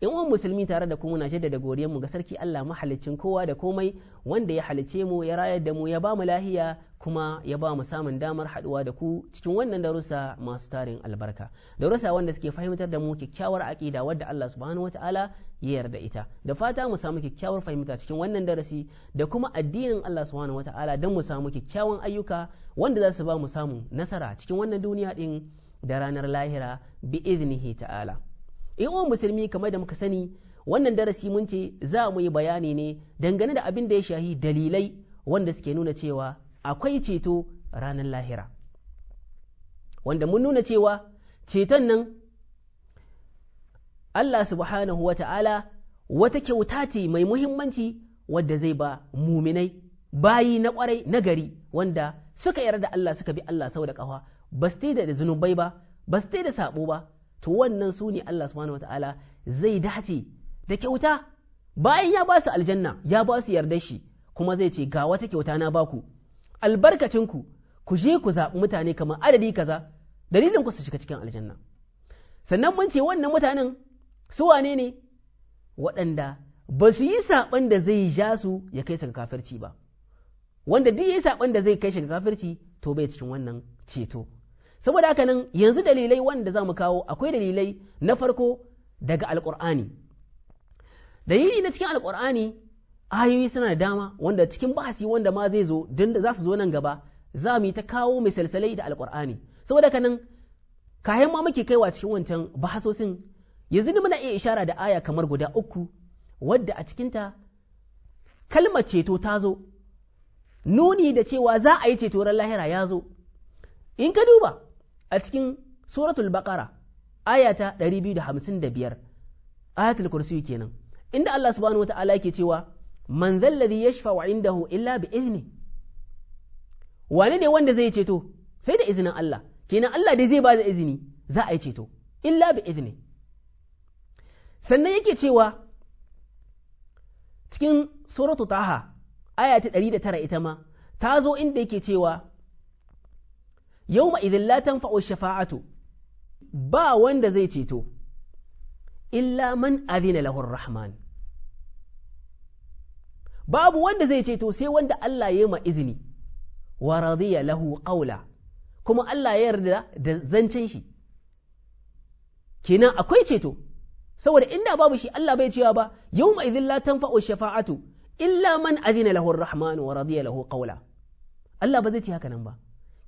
yan uwan musulmi tare da kuma na jaddada godiyar mu ga sarki Allah mahalicin kowa da komai wanda ya halice mu ya rayar da mu ya ba mu lahiya kuma ya ba mu samun damar haduwa da ku cikin wannan darussa masu tarin albarka darussa wanda suke fahimtar da mu kyakkyawar aqida wadda Allah subhanahu wataala ya yarda ita da fata mu samu kyakkyawar fahimta cikin wannan darasi da kuma addinin Allah subhanahu wataala don mu samu kyakkyawan ayyuka wanda za su ba mu samu nasara cikin wannan duniya din da ranar lahira bi iznihi ta'ala uwan musulmi kamar da muka sani wannan darasi mun ce za mu yi bayani ne dangane da abin da ya shahi dalilai wanda suke nuna cewa akwai ceto ranar lahira wanda mun nuna cewa ceton nan Allah subhanahu wa ta'ala wata kyauta ce mai muhimmanci wadda zai ba muminai bayi na kwarai na gari wanda suka yarda Allah suka bi Allah sau da ƙawa, ba su da zunubai ba ba su da sabo ba to wannan su ne Allah subhanahu wataala zai dace da kyauta bayan ya ba su aljanna ya ba su yarda shi kuma zai ce ga wata kyauta na baku albarkacinku ku je ku zaɓi mutane kamar adadi kaza dalilin ku su shiga cikin aljanna sannan mun ce wannan mutanen su wane ne waɗanda ba su yi saɓan da zai ja su ya kai su ga kafirci ba wanda duk ya yi saɓon da zai kai shi ga kafirci to bai cikin wannan ceto saboda haka nan yanzu dalilai wanda za mu kawo akwai dalilai na farko daga alƙur'ani dalili na cikin alƙur'ani ayoyi suna da dama wanda cikin bahasi wanda ma zai zo don za su zo nan gaba za mu yi ta kawo misalsalai da alƙur'ani saboda haka nan kayan ma muke kaiwa cikin wancan bahasosin yanzu muna iya ishara da aya kamar guda uku wadda a cikinta kalmar ceto ta zo nuni da cewa za a yi ceto ran lahira ya zo in ka duba a cikin suratul baqara ayata ta 255 ayatul kursi kenan inda Allah subhanahu wata'ala yake cewa man zalladhi yashfa'u indahu illa bi izni wane ne wanda zai ceto sai da izinin Allah kenan Allah dai zai ba da izini za a yi ceto illa bi izni sannan yake cewa cikin suratu taha ɗari da 109 ita ma ta zo inda yake cewa yau idin la tanfa'u shafa'atu ba wanda zai ceto illa man azina lahu'n rahman babu wanda zai ceto sai wanda Allah ya ma izini wa radiya lahu qawla kuma Allah ya yarda da zancen shi kenan akwai ceto saboda inda babu shi Allah bai cewa ba yawma idhin la tanfa'u shafa'atu illa man azina lahu'n rahman wa radiya lahu qawla Allah ba zai ce haka nan ba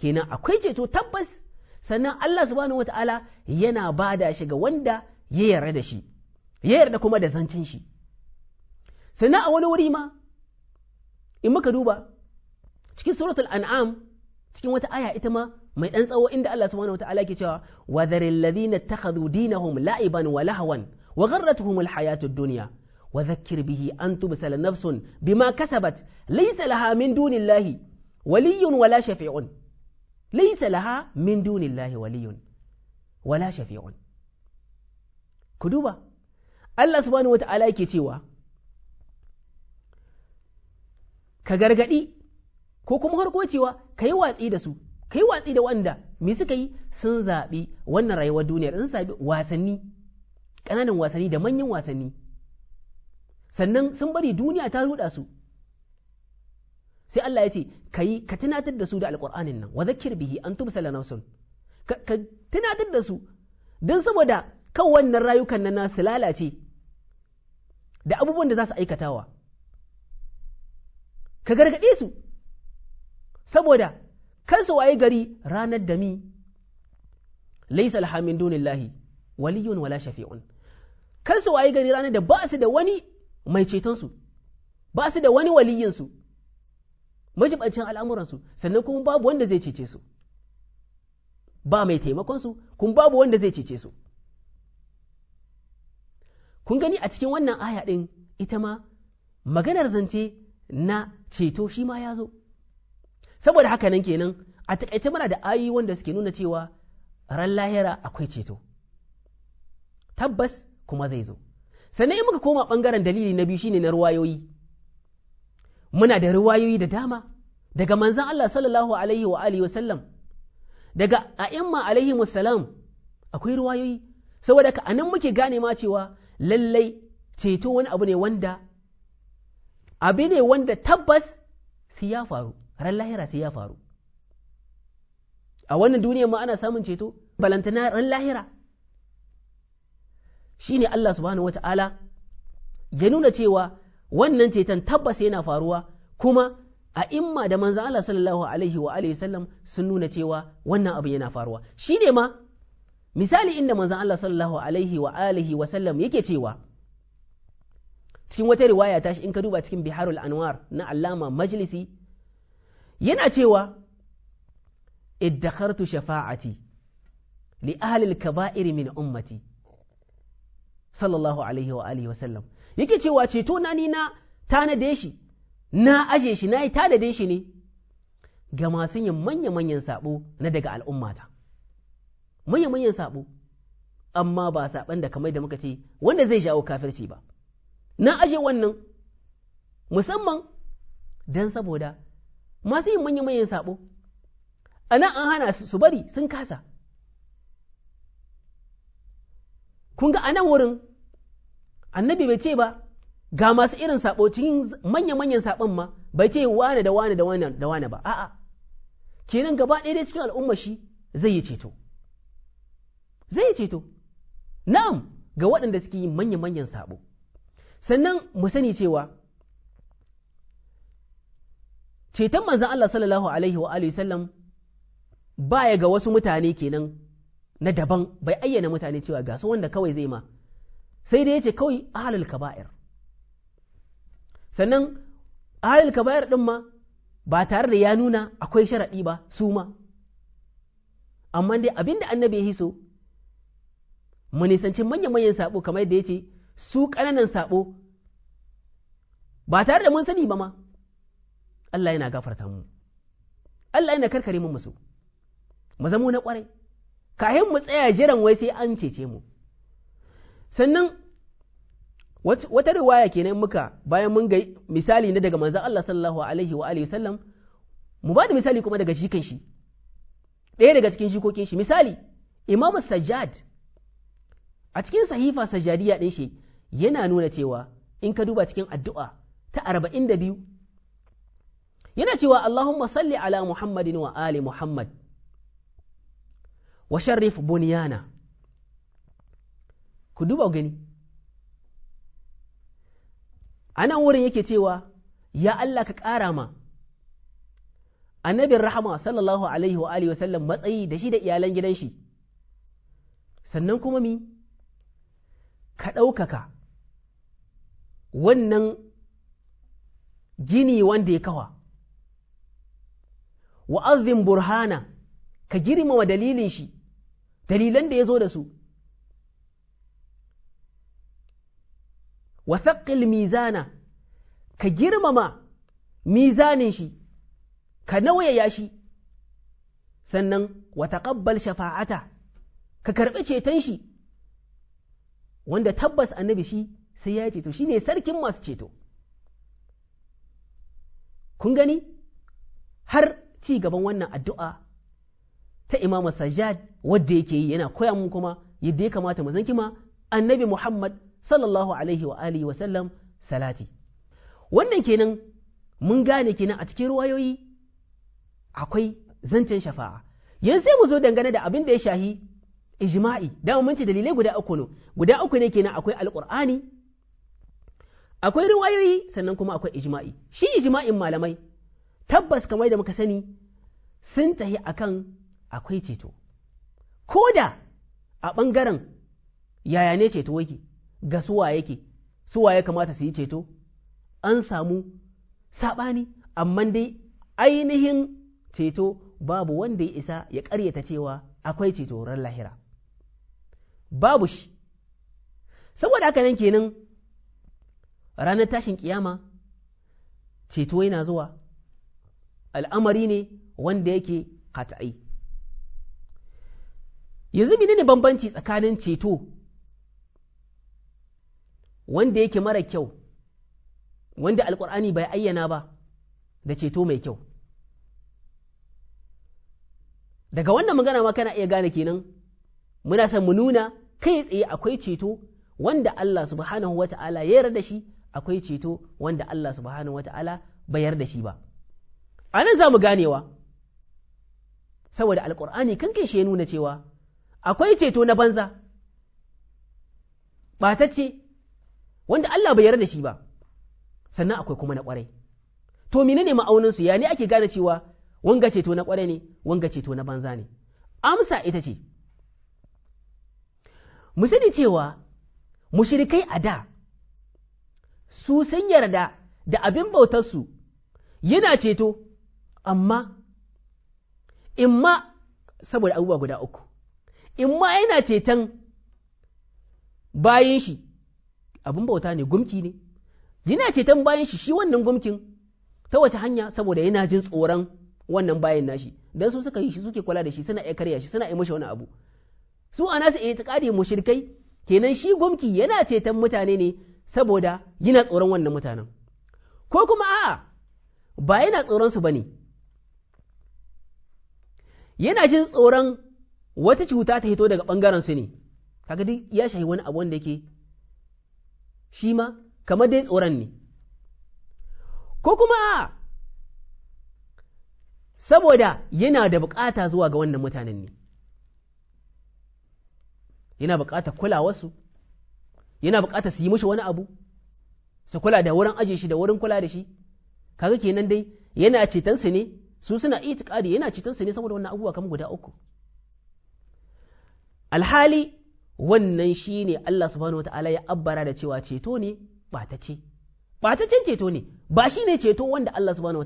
kenan akwai ceto tabbas sannan Allah subhanahu wata'ala yana bada shi ga wanda ya yarda da shi ya yarda kuma da zancen shi sannan a wani wuri ma in muka duba cikin suratul an'am cikin wata aya ita ma mai dan tsawo inda Allah subhanahu wata'ala ke cewa wa dharil ladina takhadhu dinahum la'iban wa lahwan wa gharratuhum alhayatud dunya wa dhakkir bihi an tubsala nafsun bima kasabat laysa laha min dunillahi waliyyun wala shafi'un laisa laha min dunillahi waliyun wala shafi'un ku duba Allah wata ala ke cewa ka gargaɗi ko kuma harko cewa ka yi watsi da su ka yi watsi da wanda me suka yi sun zaɓi wannan rayuwar duniyar sun zaɓi wasanni ƙananan wasanni da manyan wasanni sannan sun bari duniya ta ruɗa su sai Allah ya ce yi ka tunatar da su da alƙur'anin nan wa zakir bihi an tubsala nafsun ka tunatar da su don saboda kan wannan rayukan nan nasu lalace da abubuwan da za su aikatawa ka gargaɗe su saboda kan su waye gari ranar da mi alhamin dunillahi waliyun wala shafi'un kan su waye gari ranar da ba su da wani mai su ba su da wani su. majibancin al'amuransu sannan kuma babu wanda zai cece su ba mai taimakonsu kuma babu wanda zai cece su kun gani a cikin wannan aya ɗin ita ma maganar zance na ceto shi ma ya zo saboda haka nan kenan a taƙaice mana da ayi wanda suke nuna cewa ran lahira akwai ceto tabbas kuma zai zo sannan in muka koma ɓangaren dalili na biyu shine na ruwayoyi muna da ruwayoyi da dama daga manzan Allah sallallahu alaihi wa alihi wasallam daga a'imma alaihi wasallam akwai ruwayoyi. saboda ka anan muke gane ma cewa lallai ceto wani abu ne wanda abu ne wanda tabbas sai ya faru ran lahira sai ya faru a wannan duniya ma ana samun ceto balantana ran lahira shine Allah subhanahu wata'ala ya nuna cewa wannan ceton tabbas yana faruwa kuma a imma da manza Allah sallallahu alaihi wa alihi sallam sun nuna cewa wannan abu yana faruwa shi ne ma misali inda manza Allah sallallahu alaihi wa alihi wa sallam yake cewa cikin wata riwaya ta shi in ka duba cikin Biharul Anwar na Allama Majlisi yana cewa iddakartu shafa'ati li ahli al-kaba'ir min ummati sallallahu alaihi wa alihi wa sallam yake cewa ceto na ni na tanade shi na aje shi na yi tanade shi ne ga masu yin manya-manyan sabo na daga al'ummata manya-manyan sabo amma ba saban da kamar da muka ce wanda zai jawo kafirci ba na aje wannan musamman don saboda masu yin manya-manyan sabo a nan an hana su bari sun kasa kun ga a nan wurin annabi bai ce ba ga masu irin sabo cikin manya-manyan sabon ma bai ce wane da wane da wane ba a'a kenan gaba ɗaya dai cikin al'umma shi zai yi ceto zai yi ceto na'am ga waɗanda suke yin manya-manyan sabo sannan mu sani cewa ceton manzan Allah sallallahu alaihi wa alihi sallam baya ga wasu mutane kenan na daban bai ayyana mutane cewa ga su wanda kawai zai ma sai da ya ce kawai ahalul kaba'ir sannan ahalul kaba'ir din ma ba tare da ya nuna akwai sharaɗi ba su ma amma dai abin da annabi ya hiso mu nisanci manya-manyan sabo kamar yadda ya ce su ƙananan sabo ba tare da mun sani ba ma Allah yana gafarta mu Allah yana karkare mu musu mu zamo na ƙwarai kahin mu tsaya jiran wai sai an cece mu sannan wata riwaya kenan muka bayan mun ga misali na daga manzon Allah sallallahu alaihi wa alihi sallam mu ba da misali kuma daga shikan shi ɗaya daga cikin shikokin shi misali Imam Sajjad a cikin sahifa Sajjadiyya ɗin shi yana nuna cewa in ka duba cikin addu'a ta arba'in da biyu yana cewa Allahumma salli ala Muhammadin wa ali Muhammad wa sharrif bunyana ku duba gani a nan wurin yake cewa ya Allah ka ƙara ma annabin rahama sallallahu alaihi wa alihi wasallam matsayi da shi da iyalan gidan shi sannan kuma mi ka ɗaukaka wannan gini wanda ya kawa Wa azim burhana ka girmama dalilin shi dalilan da ya zo da su wa thaqqil mizana ka girmama mizanin shi ka nauyaya shi sannan wa taqabbal shafa'ata ka karɓi ceton shi wanda tabbas annabi shi sai ya ceto shine sarkin masu ceto kun gani har ci gaban wannan addu'a ta Imam Sajjad wadda yake yi yana koya mu kuma yadda ya kamata mu zanki ma annabi Muhammad sallallahu alaihi wa alihi wa sallam salati wannan kenan mun gane kenan a cikin ruwayoyi akwai zancen shafa'a yanzu sai mu zo dangane da abin da ya shahi ijma'i da mun ce dalilai guda uku ne guda uku ne kenan akwai alqur'ani akwai ruwayoyi sannan kuma akwai ijma'i shi ijma'in malamai tabbas kamar da muka sani sun tahi akan akwai ceto ko da a ɓangaren yaya ne ceto wake ga suwa yake suwa ya kamata su yi ceto an samu saɓani amma dai ainihin ceto babu wanda ya isa ya karyata cewa akwai ceto ran lahira babu shi saboda haka nan kenan ranar tashin kiyama ceto yana zuwa al'amari ne wanda yake kata'ai yanzu ne bambanci tsakanin ceto wanda yake mara kyau wanda alkur'ani bai ayyana ba da ceto mai kyau daga wannan magana ma kana iya gane kenan muna son mu nuna kai tsaye akwai ceto wanda Allah subhanahu wa ta'ala ya yarda shi akwai ceto wanda Allah subhanahu wa ta'ala bai yarda shi ba a nan za mu ganewa saboda alkur'ani kan kai shi ya nuna cewa akwai ceto na banza ba ta ce. wanda Allah bai yarda da shi ba sannan akwai kuma na kwarai to menene ma'aunin su ya ne ake gane cewa wanga ceto na kwarai ne wanga ceto na banza ne amsa ita ce mu sani cewa mushrikai a da su sun yarda da abin bautar su yana ceto amma imma saboda abubuwa guda uku imma yana ceton bayan shi abin bauta ne gumki ne yana ceton bayan shi shi wannan gumkin ta wace hanya saboda yana jin tsoron wannan bayan nashi dan su suka yi shi suke kula da shi suna iya karya shi suna iya mashi wani abu su a nasu mu mushrikai kenan shi gumki yana ceton mutane ne saboda yana tsoron wannan mutanen ko kuma a ba yana tsoron su bane yana jin tsoron wata cuta ta hito daga bangaren su ne kaga duk ya shahi wani abu wanda yake shi ma kamar dai tsoron ne ko kuma a saboda yana da bukata zuwa ga wannan mutanen ne yana bukata kula wasu yana bukata su yi mishi wani abu su kula da wurin aje shi da wurin kula da shi kaga kenan dai yana ceton su ne su suna itikadi yana ceton su ne saboda wannan abubuwa kamar guda uku alhali wannan shi ne Allah subhanahu ya abbara da cewa ceto ne ba ce. ɓataccen ceto ne ba shi ne ceto wanda Allah subhanahu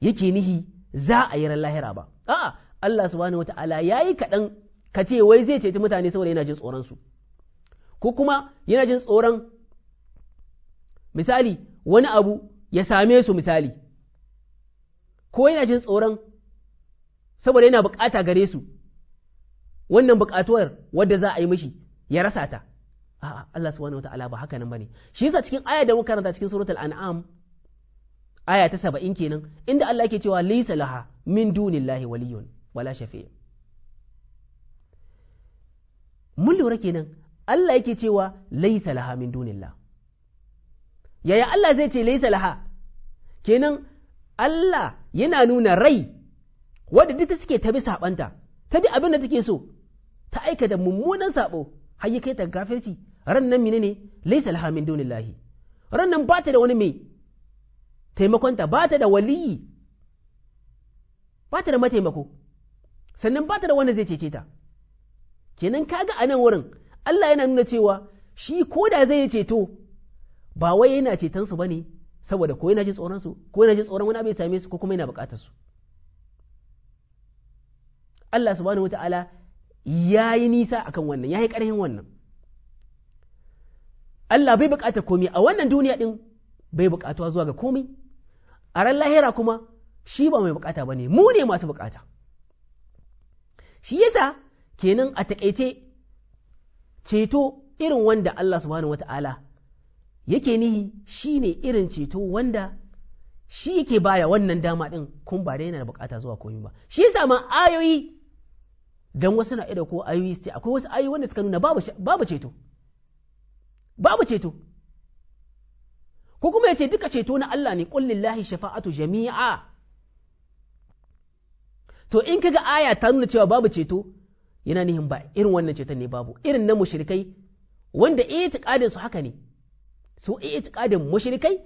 yake nihi za a yi ran lahira ba a'a Allah subhanahu ya yi kaɗan ka ce wai zai ceci mutane saboda yana jin tsoron ko kuma yana jin tsoron misali wani abu ya same su misali ko yana jin tsoron saboda yana bukata gare su wannan buƙatuwar wadda za a yi mishi ya rasa ta a'a Allah subhanahu wataala ba haka nan bane shi yasa cikin aya da muka karanta cikin suratul an'am aya ta saba'in kenan inda Allah yake cewa laysa laha min dunillahi waliyun wala shafi' mun lura kenan Allah yake cewa laysa laha min dunillah yaya Allah zai ce laysa laha kenan Allah yana nuna rai wadda duk ta suke tabi sabanta bi abin da take so ta aikata mummunan sabo har ya kai ta kafirci ran nan mine ne laisa laha min dunillahi ran nan bata da wani mai taimakonta bata da waliyi bata da mataimako sannan bata da wanda zai cece ta kenan kaga a nan wurin Allah yana nuna cewa shi ko da zai ceto ba wai yana ceton su bane saboda ko yana ji tsoron su ko yana ji tsoron wani abu ya same su ko kuma yana bukatar su Allah subhanahu wataala ya yi nisa akan wannan ya yi ƙarhin wannan Allah bai buƙatar komi a wannan duniya ɗin bai buƙatuwa zuwa ga komai a ran lahira kuma shi ba mai buƙata ba ne mu ne masu buƙata shi yasa kenan a taƙaice ceto irin wanda Allah subhanahu wata'ala yake nihi shi ne irin ceto wanda shi yake baya wannan dama ɗin kun ba da yana da buƙata zuwa komai ba shi yasa ma ayoyi dan wasu na ido ko ayoyi sai akwai wasu ayoyi wanda suka nuna babu ceto babu ceto ko kuma yace duka ceto na Allah ne qul lillahi shafa'atu jami'a to in kaga aya ta nuna cewa babu ceto yana nihin ba irin wannan ceton ne babu irin na mushrikai wanda itiqadin su haka ne su itiqadin mushrikai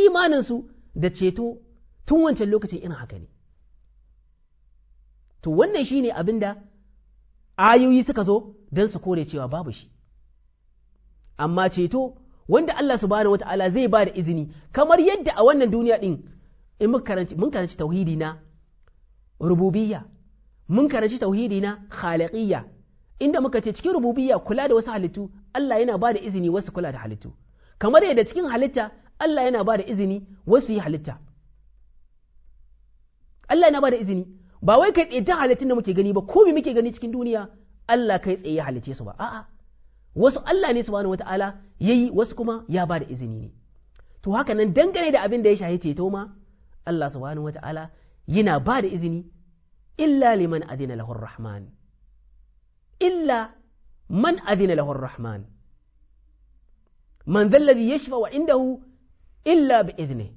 imanin su da ceto tun wancan lokacin irin haka ne to wannan shine abinda ayoyi suka zo don su kore cewa babu shi amma ceto wanda Allah subhanahu ala zai ba da izini kamar yadda a wannan duniya ɗin in mun karanci tauhidi na rububiyya mun karanci tauhidi na khaliqiyya inda muka ce cikin rububiyya kula da wasu halittu Allah yana ba da izini wasu kula da halittu kamar yadda cikin halitta Allah yana ba da izini wasu yi halitta Allah yana ba da izini ba wai kai tsaye ta halittun da muke gani ba ko me muke gani cikin duniya Allah kai tsaye ya halice su ba a'a wasu Allah ne subhanahu wata'ala yayi wasu kuma ya ba da izini ne to haka nan dangane da abin da ya shahi ceto ma Allah subhanahu wata'ala yana ba da izini illa liman adina lahur rahman illa man adina lahur rahman man zalladhi yashfa wa indahu illa bi idni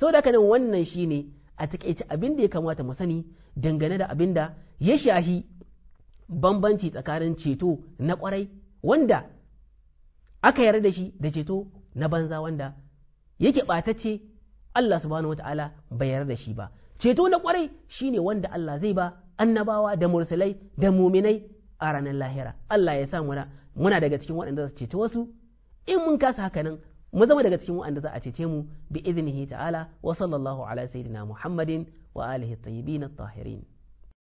saboda haka nan wannan shine a takaice abin da ya kamata mu sani dangane da abin da ya shahi bambanci tsakanin ceto na kwarai wanda aka yarda da shi da ceto na banza wanda yake ɓatacce Allah subhanahu wata'ala bai yarda da shi ba ceto na kwarai shine wanda Allah zai ba annabawa da mursalai da muminai a ranar lahira Allah ya sa muna daga cikin waɗanda za su ceto wasu in mun kasa haka nan mu zama daga cikin wa'anda za a cece mu bi idnihi ta'ala wa sallallahu ala sayyidina muhammadin wa alihi tayyibin at-tahirin